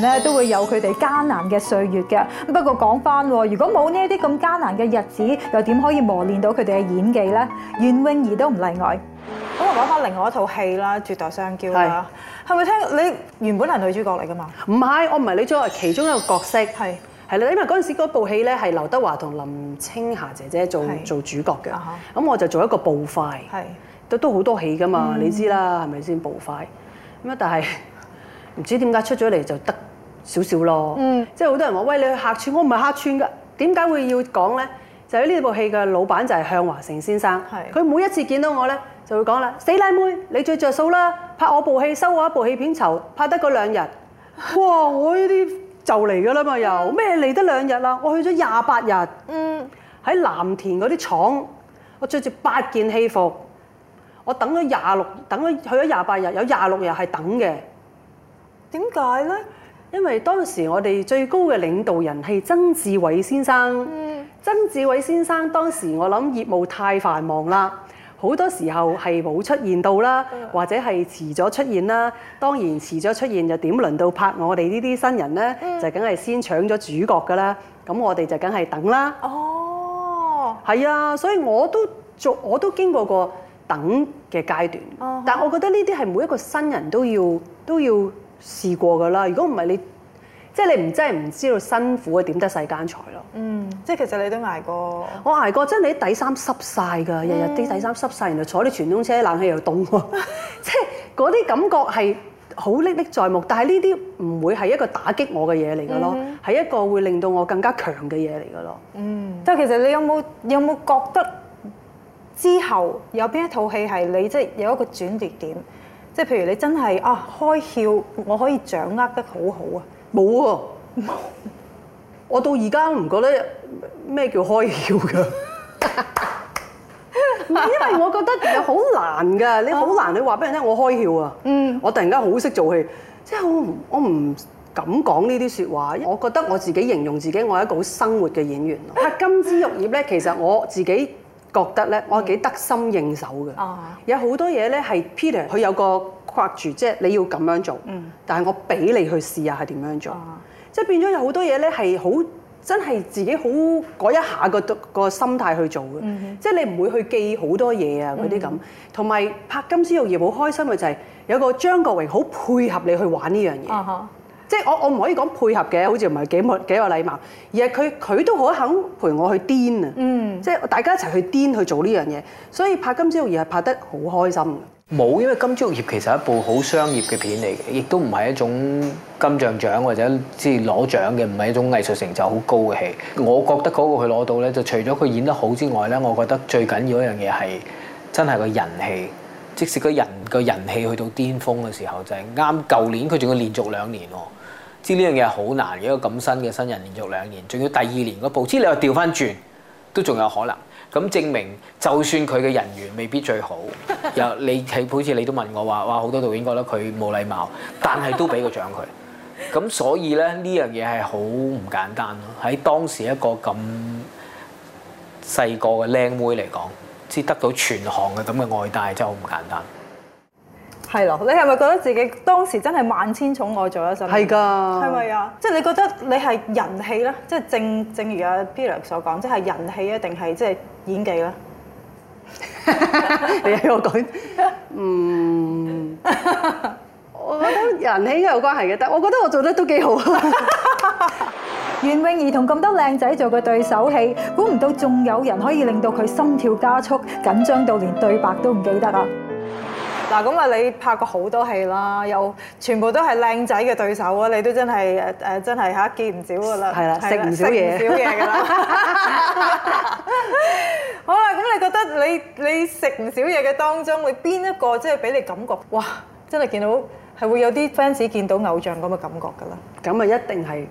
咧都會有佢哋艱難嘅歲月嘅。不過講翻，如果冇呢一啲咁艱難嘅日子，又點可以磨練到佢哋嘅演技咧？袁詠儀都唔例外。咁、嗯、我講翻另外一套戲啦，《絕代雙驕》啦是，係咪聽你原本係女主角嚟㗎嘛？唔係，我唔係女主角，其中一個角色係係啦，因為嗰陣時嗰部戲咧係劉德華同林青霞姐姐做是做主角嘅，咁、uh huh. 我就做一個步快，都都好多戲㗎嘛，你知啦，係咪先步快？咁啊，但係唔知點解出咗嚟就得。少少咯，嗯、即係好多人話，喂，你去客串，我唔係客串㗎，點解會要講咧？就喺，是、呢部戲嘅老闆就係向華成先生，佢是每一次見到我咧，就會講啦，的死奶妹，你最着數啦，拍我部戲，收我一部戲片酬，拍得個兩日， 哇！我呢啲就嚟㗎啦嘛，又咩嚟 得兩日啦，啊？我去咗廿八日，喺，嗯、藍田嗰啲廠，我着住八件戲服，我等咗廿六，等咗去咗廿八日，有廿六日係等嘅，點解咧？因為當時我哋最高嘅領導人係曾志偉先生。嗯、曾志偉先生當時我諗業務太繁忙啦，好多時候係冇出現到啦，或者係遲咗出現啦。當然遲咗出現就點輪到拍我哋呢啲新人呢？嗯、就梗係先搶咗主角㗎啦。咁我哋就梗係等啦。哦，係啊，所以我都做，我都經過過等嘅階段。哦、但我覺得呢啲係每一個新人都要都要試過㗎啦！如果唔係你，即、就、係、是、你唔真係唔知道辛苦嘅點得世間財咯。嗯，即係其實你都捱過。我捱過真係，即係啲底衫濕晒㗎，日日啲底衫濕晒，嗯、然後坐啲傳統車，冷氣又凍喎，即係嗰啲感覺係好歷歷在目。但係呢啲唔會係一個打擊我嘅嘢嚟㗎咯，係、嗯、一個會令到我更加強嘅嘢嚟㗎咯。嗯。但係其實你有冇有冇覺得之後有邊一套戲係你即係、就是、有一個轉捩點？即係譬如你真係啊，開竅，我可以掌握得好好啊！冇啊。我到而家都唔覺得咩叫開竅㗎。 因為我覺得好難㗎，你好難你話俾人聽我開竅啊！嗯，我突然間好識做戲，即係我唔我唔敢講呢啲説話，我覺得我自己形容自己，我係一個好生活嘅演員 拍《金枝玉葉》咧，其實我自己。覺得咧，我幾得心應手嘅。啊、有好多嘢咧係 Peter，佢有個框住，即係你要咁樣做。嗯、但係我俾你去試下係點樣做，啊、即係變咗有好多嘢咧係好真係自己好改一下個個心態去做嘅。即係、嗯、哼你唔會去記好多嘢啊嗰啲咁。同埋拍金枝玉葉好開心嘅就係有個張國榮好配合你去玩呢樣嘢。啊嗯即係我我唔可以講配合嘅，好似唔係幾冇幾有禮貌，而係佢佢都好肯陪我去癲啊！嗯、即係大家一齊去癲去做呢樣嘢，所以拍《金枝玉葉》係拍得好開心。冇，因為《金枝玉葉》其實係一部好商業嘅片嚟嘅，亦都唔係一種金像獎或者即係攞獎嘅，唔係一種藝術成就好高嘅戲。我覺得嗰個佢攞到咧，就除咗佢演得好之外咧，我覺得最緊要一樣嘢係真係個人氣，即使個人個人氣去到巔峰嘅時候，就係啱舊年佢仲要連續兩年喎。知呢樣嘢好難，一個咁新嘅新人，連續兩年，仲要第二年個步知你又調翻轉，都仲有可能。咁證明就算佢嘅人緣未必最好，又 你係好似你都問我話，哇，好多導演覺得佢冇禮貌，但係都俾個獎佢。咁所以咧，呢樣嘢係好唔簡單咯。喺當時一個咁細個嘅靚妹嚟講，知得到全行嘅咁嘅愛戴，真係好唔簡單。係咯，你係咪覺得自己當時真係萬千寵愛在一身？係㗎，係咪啊？即係你覺得你係人氣咧？即係正正如阿 Pilar 所講，即係人氣啊，定係即係演技咧？你喺我講，嗯，我覺得人氣應該有關係嘅，但係我覺得我做得都幾好啊！袁詠儀同咁多靚仔做個對手戲，估唔到仲有人可以令到佢心跳加速，緊張到連對白都唔記得啊！嗱咁啊！你拍過好多戲啦，又全部都係靚仔嘅對手啊！你都真係誒誒，真係嚇見唔的的少噶啦，係啦，食唔少嘢噶啦。好啦，咁你覺得你你食唔少嘢嘅當中，會邊一個即係俾你感覺哇？真係見到係會有啲 fans 見到偶像咁嘅感覺噶啦。咁啊，一定係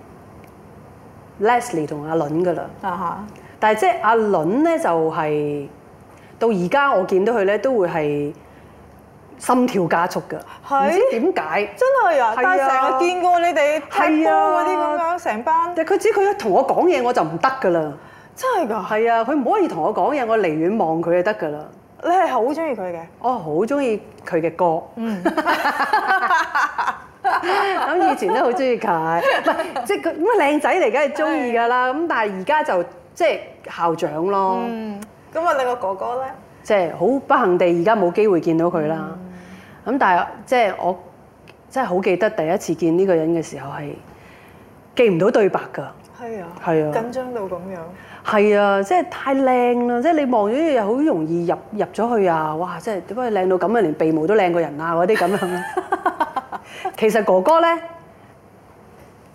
Leslie 同阿倫噶啦。啊哈、uh！Huh. 但係即係阿倫咧，就係，就係到而家我見到佢咧，都會係。心跳加速㗎，唔知點解，真係啊！但係成日見過你哋唱歌嗰啲咁樣，成班。但係佢知佢一同我講嘢，我就唔得㗎啦。真係㗎，係啊！佢唔可以同我講嘢，我離遠望佢就得㗎啦。你係好中意佢嘅？我好中意佢嘅歌。咁以前都好中意佢，即係佢咁啊靚仔嚟，梗係中意㗎啦。咁但係而家就即係校長咯。咁啊，你個哥哥咧？即係好不幸地，而家冇機會見到佢啦。咁但係即係我真係好記得第一次見呢個人嘅時候係記唔到對白㗎。係啊，係啊，緊張到咁樣。係啊，即係太靚啦！即係你望咗啲嘢，好容易入入咗去啊！哇！即係點解靚到咁樣，連鼻毛都靚過人啊！嗰啲咁樣。 其實哥哥咧。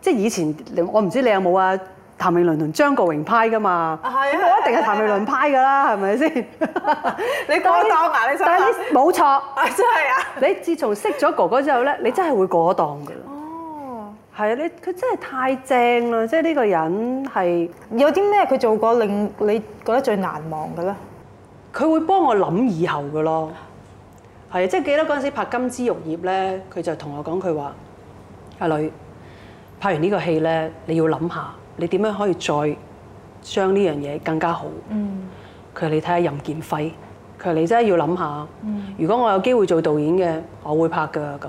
即係以前，我唔知你有冇啊？譚詠麟同張國榮拍㗎嘛？係啊的！我一定係譚詠麟拍㗎啦，係咪先？你過檔啊！你冇錯，真係啊！你自從識咗哥哥之後咧，你真係會過檔㗎啦。哦，係啊！你佢真係太正啦！即係呢個人係有啲咩佢做過令你覺得最難忘嘅咧？佢會幫我諗以後㗎咯。係啊，即係記得嗰陣時拍《金枝玉葉》咧，佢就同我講佢話：阿女。拍完呢個戲咧，你要諗下，你點樣可以再將呢樣嘢更加好？佢、嗯、你睇下任劍輝，佢你真係要諗下。嗯、如果我有機會做導演嘅，我會拍㗎咁。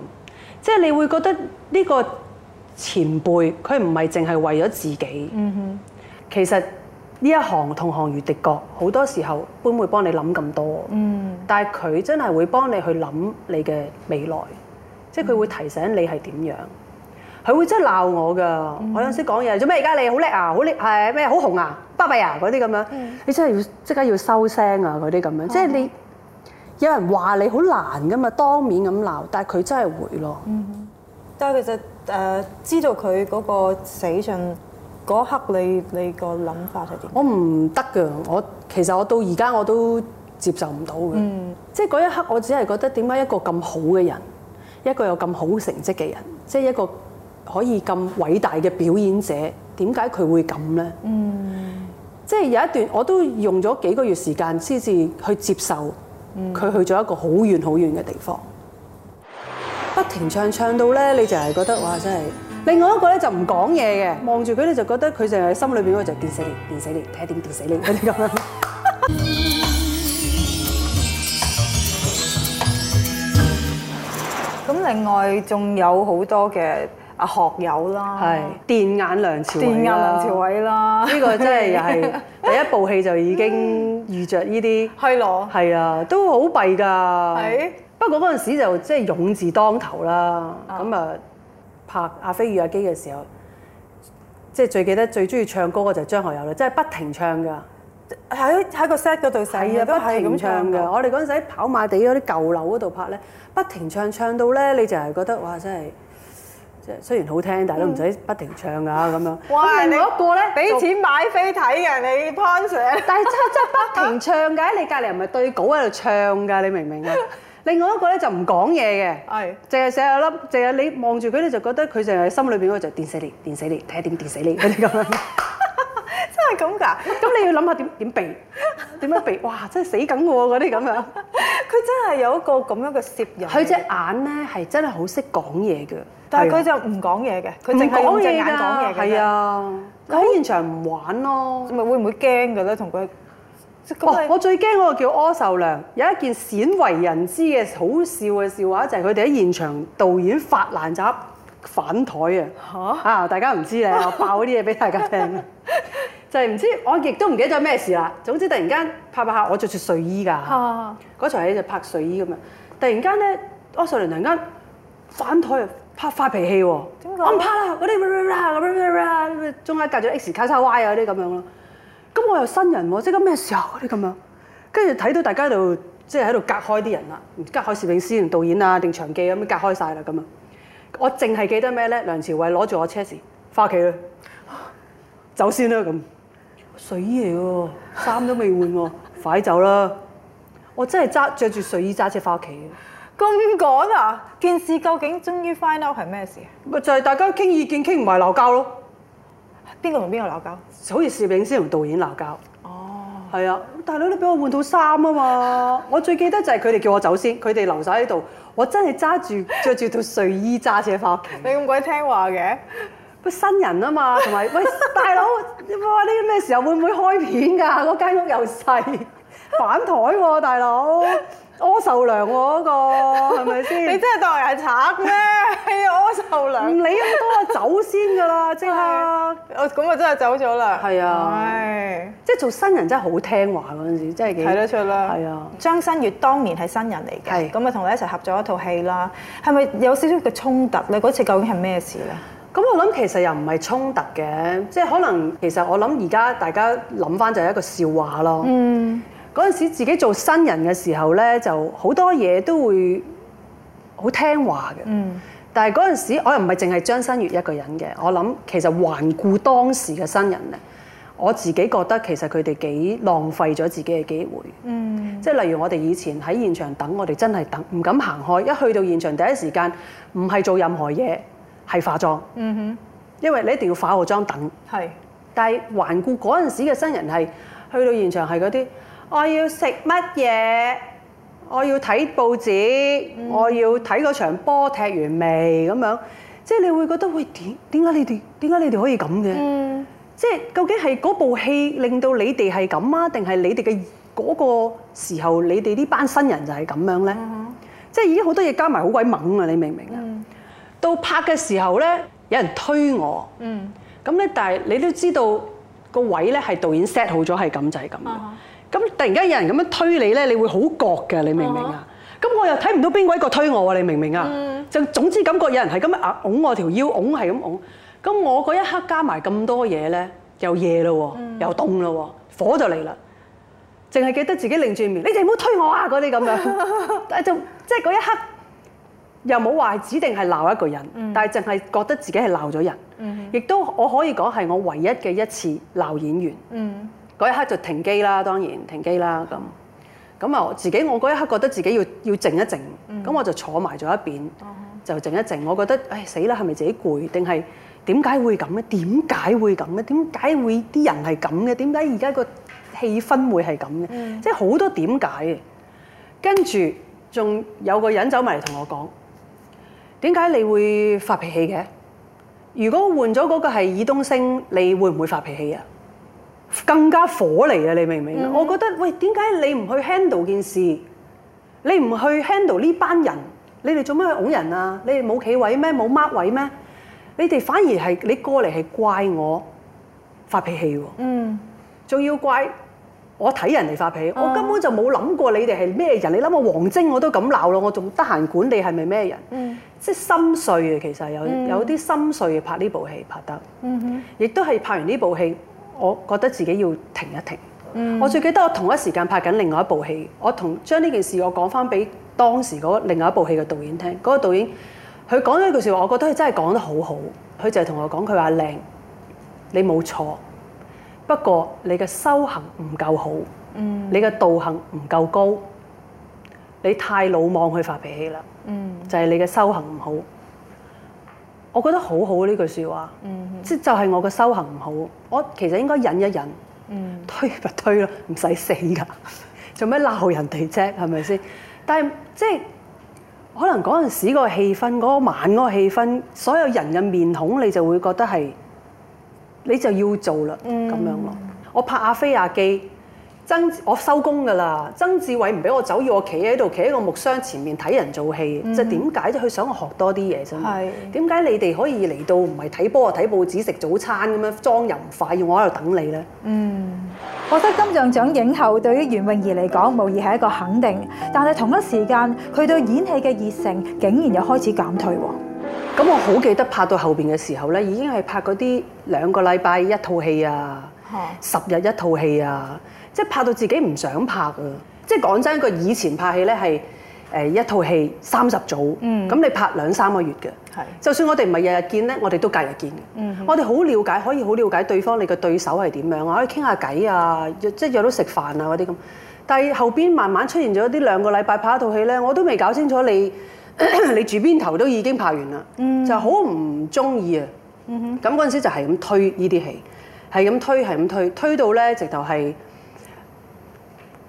即係你會覺得呢個前輩佢唔係淨係為咗自己。嗯、其實呢一行同行如敵國，好多時候般會幫你諗咁多。嗯、但係佢真係會幫你去諗你嘅未來，即係佢會提醒你係點樣。嗯嗯佢會真係鬧我㗎！嗯、哼我有時講嘢做咩而家你好叻啊？好叻係咩？好紅啊！巴閉啊！嗰啲咁樣，你，樣、嗯、你真係要即刻要收聲啊！嗰啲咁樣，即係、嗯、你有人話你好難㗎嘛，當面咁鬧，但係佢真係會咯。嗯、哼但係其實誒、呃，知道佢嗰個死訊嗰刻你，你你個諗法係點？我唔得㗎！我其實我到而家我都接受唔到嘅。即係嗰一刻，我只係覺得點解一個咁好嘅人，一個有咁好成績嘅人，即係一個。一個可以咁偉大嘅表演者，點解佢會咁咧？嗯，即係有一段我都用咗幾個月時間先至去接受，佢去咗一個好遠好遠嘅地方，不停唱唱到咧，你就係覺得哇，真係。另外一個咧就唔講嘢嘅，望住佢咧就覺得佢淨係心裏邊嗰就電死你，電死你，睇下點電死你嗰啲咁。咁另外仲有好多嘅。阿學友啦，電眼梁朝偉啦，呢個真係又係第一部戲就已經遇着呢啲係囉，係啊，都好弊㗎。不過嗰陣時就即係勇字當頭啦。咁啊，拍阿飛與阿基嘅時候，即係最記得最中意唱歌嘅就係張學友啦，即係不停唱㗎。喺喺個 set 嗰度洗，不停咁唱㗎。我哋嗰陣時喺跑馬地嗰啲舊樓嗰度拍咧，不停唱唱到咧，你就係覺得哇，真係～即係雖然好聽，但係都唔使不停唱㗎咁、嗯、樣。哇喂！另外一個咧，俾錢買飛睇嘅你，Pan Sir。 但係真係不停唱㗎，你隔離唔係對稿喺度唱㗎，你明唔明啊？ 另外一個咧就唔講嘢嘅，係淨係寫個粒，淨係你望住佢咧就覺得佢成日心裏邊嗰就電死你，電死你，睇下點電死你嗰啲咁樣。 真係咁㗎？咁 你要諗下點點避？點樣避？哇！真係死緊喎，嗰啲咁樣。 佢真係有一個咁樣嘅攝人。佢隻眼咧係真係好識講嘢嘅，但係佢就唔講嘢嘅，佢淨係隻眼講嘢嘅。係啊，佢喺現場唔玩咯。咪會唔會驚嘅咧？同佢。哇！我最驚嗰個叫柯受良，有一件鮮為人知嘅好笑嘅笑話，就係佢哋喺現場導演發爛渣反台啊！嚇啊！大家唔知咧，我爆嗰啲嘢俾大家聽。就係唔知，我亦都唔記得咗咩事啦。總之突然間拍拍下，我着住睡衣㗎。嗰場戲就拍睡衣咁樣。突然間咧，阿蘇聯突然間反台拍發脾氣喎。我唔拍啦，嗰啲啦啦啦啦啦啦，中間隔咗 X 卡叉 Y 嗰啲咁樣咯。咁我又新人喎，即係咁咩時候嗰啲咁樣？跟住睇到大家喺度，即係喺度隔開啲人啦，隔開攝影師定導演啊，定場記咁樣隔開曬啦咁啊。我淨係記得咩咧？梁朝偉攞住我車匙，翻屋企啦，走先啦咁。睡衣嚟喎，衫都未換喎， 快走啦！我真係揸着住睡衣揸車翻屋企。咁趕啊！件事究竟終於 f i n，係咩事，咪就係大家傾意見傾唔埋鬧交咯。邊個同邊個鬧交？誰誰好似攝影師同導演鬧交。哦，係啊！大佬你俾我換套衫啊嘛！我最記得就係佢哋叫我先走先，佢哋留晒喺度。我真係揸住着住套睡衣揸車翻屋企。你咁鬼聽話嘅？喂，新人啊嘛，同埋喂，大佬，哇！你咩時候會唔會開片㗎？嗰間屋又細，反台喎，大佬，柯受良喎，嗰個係咪先？你真係當人賊咩？柯受良。唔理咁多啦，走先㗎啦，即係，我咁啊真係走咗啦。係啊，即係做新人真係好聽話嗰陣時，真係幾睇得出啦。係啊，張新月當年係新人嚟嘅，咁啊同你一齊合作一套戲啦。係咪有少少嘅衝突咧？嗰次究竟係咩事咧？咁我諗其實又唔係衝突嘅，即係可能其實我諗而家大家諗返就係一個笑話咯。嗯，嗰陣時自己做新人嘅時候呢，就好多嘢都會好聽話嘅。嗯，但係嗰陣時我又唔係淨係張新月一個人嘅。我諗其實環顧當時嘅新人呢，我自己覺得其實佢哋幾浪費咗自己嘅機會。嗯，即係例如我哋以前喺現場等，我哋真係等唔敢行開，一去到現場第一時間唔係做任何嘢。係化妝，因為你一定要化個妝等。係，但係環顧嗰陣時嘅新人係去到現場係嗰啲，我要食乜嘢，我要睇報紙，我要睇嗰場波踢完未咁樣，即係你會覺得喂，點？點解你哋點解你哋可以咁嘅？即係究竟係嗰部戲令到你哋係咁啊，定係你哋嘅嗰個時候，你哋呢班新人就係咁樣咧？即係已經好多嘢加埋好鬼猛啊！你明唔明啊？到拍嘅時候咧，有人推我，咁咧、嗯，但係你都知道個位咧係導演 set 好咗，係咁就係咁。咁噢突然間有人咁樣推你咧，你會好覺嘅，你明唔明啊？咁噢我又睇唔到邊個一個推我啊，你明唔明啊？嗯、就總之感覺有人係咁樣拱我條腰，拱係咁拱。咁我嗰一刻加埋咁多嘢咧，又夜嘞，又凍嘞，嗯、火就嚟啦。淨係記得自己擰轉面，嗯、你哋唔好推我啊！嗰啲咁樣，就即係嗰一刻。又冇話指定係鬧一個人，嗯、但係淨係覺得自己係鬧咗人，亦都我可以講係我唯一嘅一次鬧演員。嗰、嗯、一刻就停機啦，當然停機啦。咁咁啊，自己我嗰一刻覺得自己要要靜一靜，咁、嗯、我就坐埋咗一邊，就靜一靜。我覺得唉死啦，係、哎、咪自己攰？定係點解會咁咧？點解會咁咧？點解會啲人係咁嘅？點解而家個氣氛會係咁嘅？即係好多點解嘅。跟住仲有個人走埋嚟同我講。點解你會發脾氣嘅？如果換咗嗰個係爾冬升，你會唔會發脾氣啊？更加火嚟啊！你明唔明啊？嗯、哼我覺得喂，點解你唔去 handle 件事？你唔去 handle 呢班人？你哋做咩去拱人啊？你哋冇企位咩？冇 mark 位咩？你哋反而係你過嚟係怪我發脾氣喎？嗯，仲要怪。我睇人哋發脾氣，oh. 我根本就冇諗過你哋係咩人。你諗我王晶我都噉鬧咯，我仲得閒管你係咪咩人？Mm. 即係心碎嘅，其實有、mm. 有啲心碎嘅，拍呢部戲拍得，亦都係拍完呢部戲，我覺得自己要停一停。Mm. 我最記得我同一時間拍緊另外一部戲，我同將呢件事我講翻俾當時嗰另外一部戲嘅導演聽，嗰、嗰個導演佢講咗一句説話，我覺得佢真係講得好好，佢就係同我講佢話靚，你冇錯。不過你嘅修行唔夠好，mm hmm. 你嘅道行唔夠高，你太魯莽去發脾氣啦，mm hmm. 就係你嘅修行唔好。我覺得好好呢句説話，即、mm hmm. 就係我嘅修行唔好，我其實應該忍一忍，mm hmm. 推咪推咯，唔使死㗎，做咩鬧人哋啫？係咪先？但係即係可能嗰陣時個氣氛，嗰、嗰個、晚嗰個氣氛，所有人嘅面孔，你就會覺得係。你就要做啦，咁樣咯。嗯、我拍阿飛阿基，曾我收工㗎啦。曾志偉唔俾我走，要我企喺度，企喺個木箱前面睇人做戲。即係點解？即佢想我學多啲嘢啫。點解是你哋可以嚟到唔係睇波啊，睇報紙食早餐咁樣裝人快，要我喺度等你咧？嗯，獲得金像獎影后對於袁詠儀嚟講，無疑係一個肯定。但係同一時間，佢對演戲嘅熱誠竟然又開始減退喎。咁我好記得拍到後邊嘅時候咧，已經係拍嗰啲兩個禮拜一套戲啊，的十日一套戲啊，即係拍到自己唔想拍啊！即係講真，一個以前拍戲咧係誒一套戲三十組，咁、嗯、你拍兩三個月嘅，的就算我哋唔係日日見咧，我哋都隔日見嘅。的我哋好了解，可以好了解對方你嘅對手係點樣啊，可以傾下偈啊，即係約到食飯啊嗰啲咁。但係後邊慢慢出現咗啲兩個禮拜拍一套戲咧，我都未搞清楚你。你住邊頭都已經拍完啦，嗯、就好唔中意啊！咁嗰陣時就係咁推呢啲戲，係咁推，係咁推，推到咧直頭係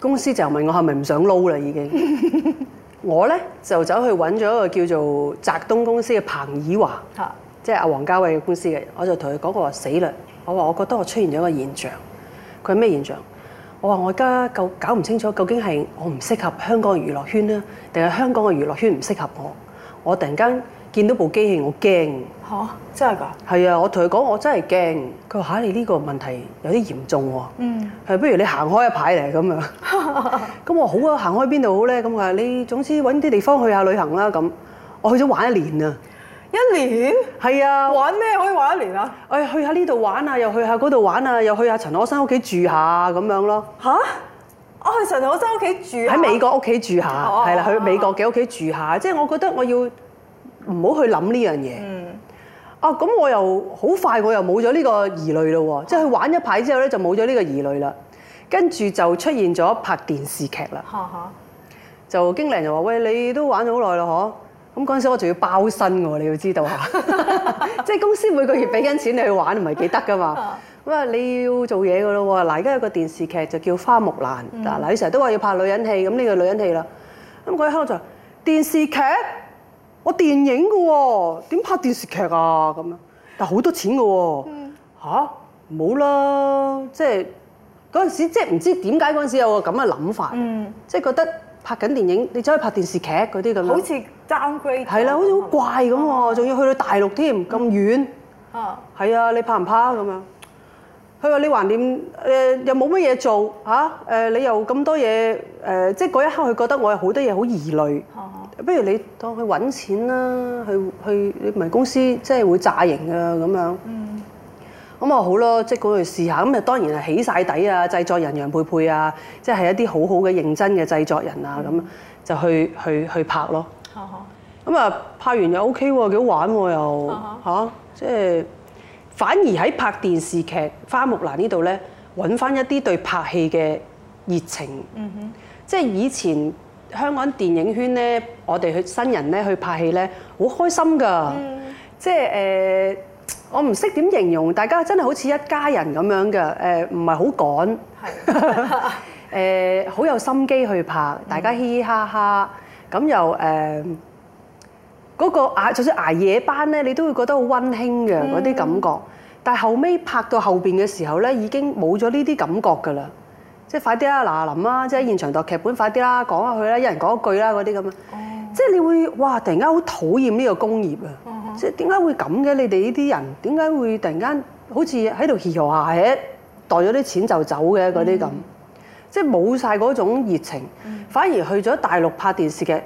公司就問我係咪唔想撈啦已經。 我咧就走去揾咗一個叫做澤東公司嘅彭以華，即係阿黃家衞嘅公司嘅，我就同佢講我話死啦！我話我覺得我出現咗一個現象，佢咩現象？我話我而家搞搞唔清楚，究竟係我唔適合香港娛樂圈咧，定係香港嘅娛樂圈唔適合我？我突然間見到部機器，我驚嚇， 真係㗎？係啊，我同佢講我真係驚。佢話嚇你呢個問題有啲嚴重喎。嗯，係 不如你行開一排嚟咁樣。咁 我好啊，行開邊度好咧？咁佢話你總之揾啲地方去下旅行啦。咁我去咗玩一年啊！一年係啊！玩咩可以玩一年啊？誒，去下呢度玩啊，又去下嗰度玩啊，又去下陳可辛屋企住下咁樣咯。嚇！我去陳可辛屋企住喺美國屋企住下，係啦，去美國嘅屋企住下。即係我覺得我要唔好去諗呢樣嘢。嗯。啊，咁我又好快我又冇咗呢個疑慮咯喎！即係玩一排之後咧，就冇咗呢個疑慮啦。跟住就出現咗拍電視劇啦。嚇嚇！就經理人就話：喂，你都玩咗好耐啦，嗬？咁嗰陣時，我仲要包身㗎喎，你要知道啊！即 係公司每個月俾緊錢你去玩，唔係幾得㗎嘛。咁啊，你要做嘢㗎咯喎。嗱，而家有個電視劇就叫《花木蘭》嗯。嗱嗱，你成日都話要拍女人戲，咁呢個女人戲啦。咁佢喺香港就話電視劇，我電影㗎喎，點拍電視劇啊？咁樣，但係好多錢㗎喎。嚇、嗯，冇啦、啊！即係嗰陣時，即係唔知點解嗰陣時有個咁嘅諗法，即係、嗯、覺得拍緊電影，你走去拍電視劇嗰啲咁。好似。係啦，好似好怪咁喎，仲要去到大陸添咁遠。啊，係啊，你怕唔怕咁樣？佢話你橫掂誒，又冇乜嘢做嚇誒，你又咁多嘢誒，即係嗰一刻，佢覺得我有好多嘢好疑慮。不如你當去揾錢啦，去去唔係公司，即係會詐型啊咁樣。咁啊好咯，即係嗰度試下咁。又當然係起晒底啊，製作人楊佩佩啊，即係一啲好好嘅認真嘅製作人啊，咁就去去去拍咯。咁啊、嗯，拍完又 OK 喎，幾好玩喎又嚇，即係、嗯啊就是、反而喺拍電視劇《花木蘭》呢度咧，揾翻一啲對拍戲嘅熱情。嗯哼，即係以前香港電影圈咧，我哋去新人咧去拍戲咧，好開心㗎！即係誒，我唔識點形容，大家真係好似一家人咁樣嘅誒，唔係好趕，係誒的，好、 呃、有心機去拍，大家嘻嘻哈哈。嗯咁又誒，嗰、呃嗰個就算挨夜班咧，你都會覺得好溫馨嘅嗰啲感覺。但係後尾拍到後邊嘅時候咧，已經冇咗呢啲感覺㗎啦。即係快啲啦，嗱林啊，即係現場讀劇本，快啲啦，講下去啦，一人講一句啦，嗰啲咁啊。嗯、即係你會，哇！突然間好討厭呢個工業啊！嗯、嗯哼即係點解會咁嘅？你哋呢啲人點解會突然間好似喺度協和下，袋咗啲錢就走嘅嗰啲咁。即係冇晒嗰種熱情，嗯、反而去咗大陸拍電視劇，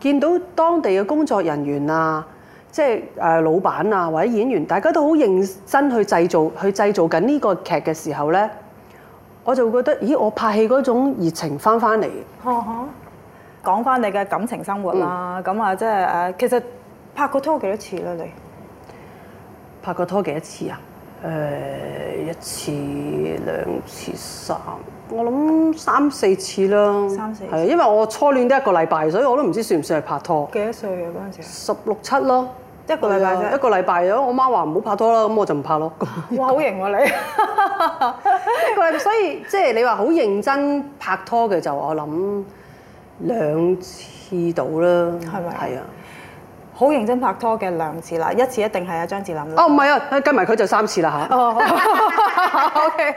見到當地嘅工作人員啊，即係誒老闆啊或者演員，大家都好認真去製造，去製造緊呢個劇嘅時候咧，我就覺得，咦，我拍戲嗰種熱情翻翻嚟。嚇嚇！講翻你嘅感情生活啦，咁啊、嗯，即係誒，其實拍過拖幾多次啦？你拍過拖幾多次啊？誒、uh, 一次兩次三，我諗三四次啦，係因為我初戀都一個禮拜，所以我都唔知算唔算係拍拖。幾多歲啊？嗰陣時十六七咯，一個禮拜，一個禮拜。如果我媽話唔好拍拖啦，咁我就唔拍咯。 哇！好型喎你，一個禮拜。所以即係、就是、你話好認真拍拖嘅就我諗兩次到啦，係咪吧？係啊。好認真拍拖嘅兩次啦，一次一定係阿張智霖。哦，唔係啊，跟埋佢就三次啦嚇。O K，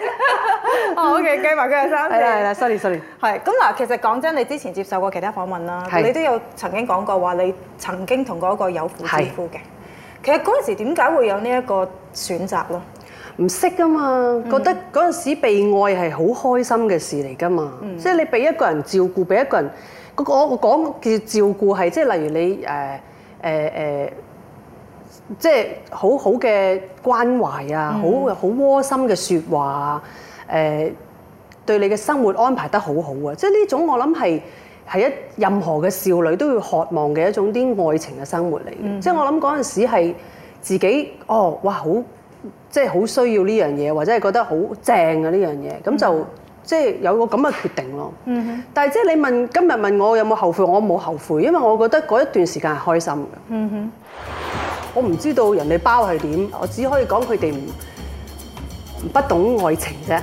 O K，跟埋佢三次。係啦係啦，sorry sorry。係咁嗱，其實講真，你之前接受過其他訪問啦，你都有曾經講過話，你曾經同過一個有婦之夫嘅。其實嗰陣時點解會有呢一個選擇咯？唔識啊嘛，覺得嗰陣時被愛係好開心嘅事嚟㗎嘛，即係你俾一個人照顧，俾一個人嗰個我講叫照顧係，即係例如你誒。誒誒、呃，即係好好嘅關懷啊，好好、嗯、窩心嘅説話啊，誒、呃、對你嘅生活安排得好好啊，即係呢種我諗係係一任何嘅少女都要渴望嘅一種啲愛情嘅生活嚟嘅，嗯、即係我諗嗰陣時係自己哦，哇好即係好需要呢樣嘢，或者係覺得好正啊呢樣嘢，咁就。嗯即係有個咁嘅決定咯。嗯、哼但係即係你問今日問我有冇後悔，我冇後悔，因為我覺得嗰一段時間係開心嘅。嗯、哼我唔知道人哋包係點，我只可以講佢哋唔不懂愛情啫。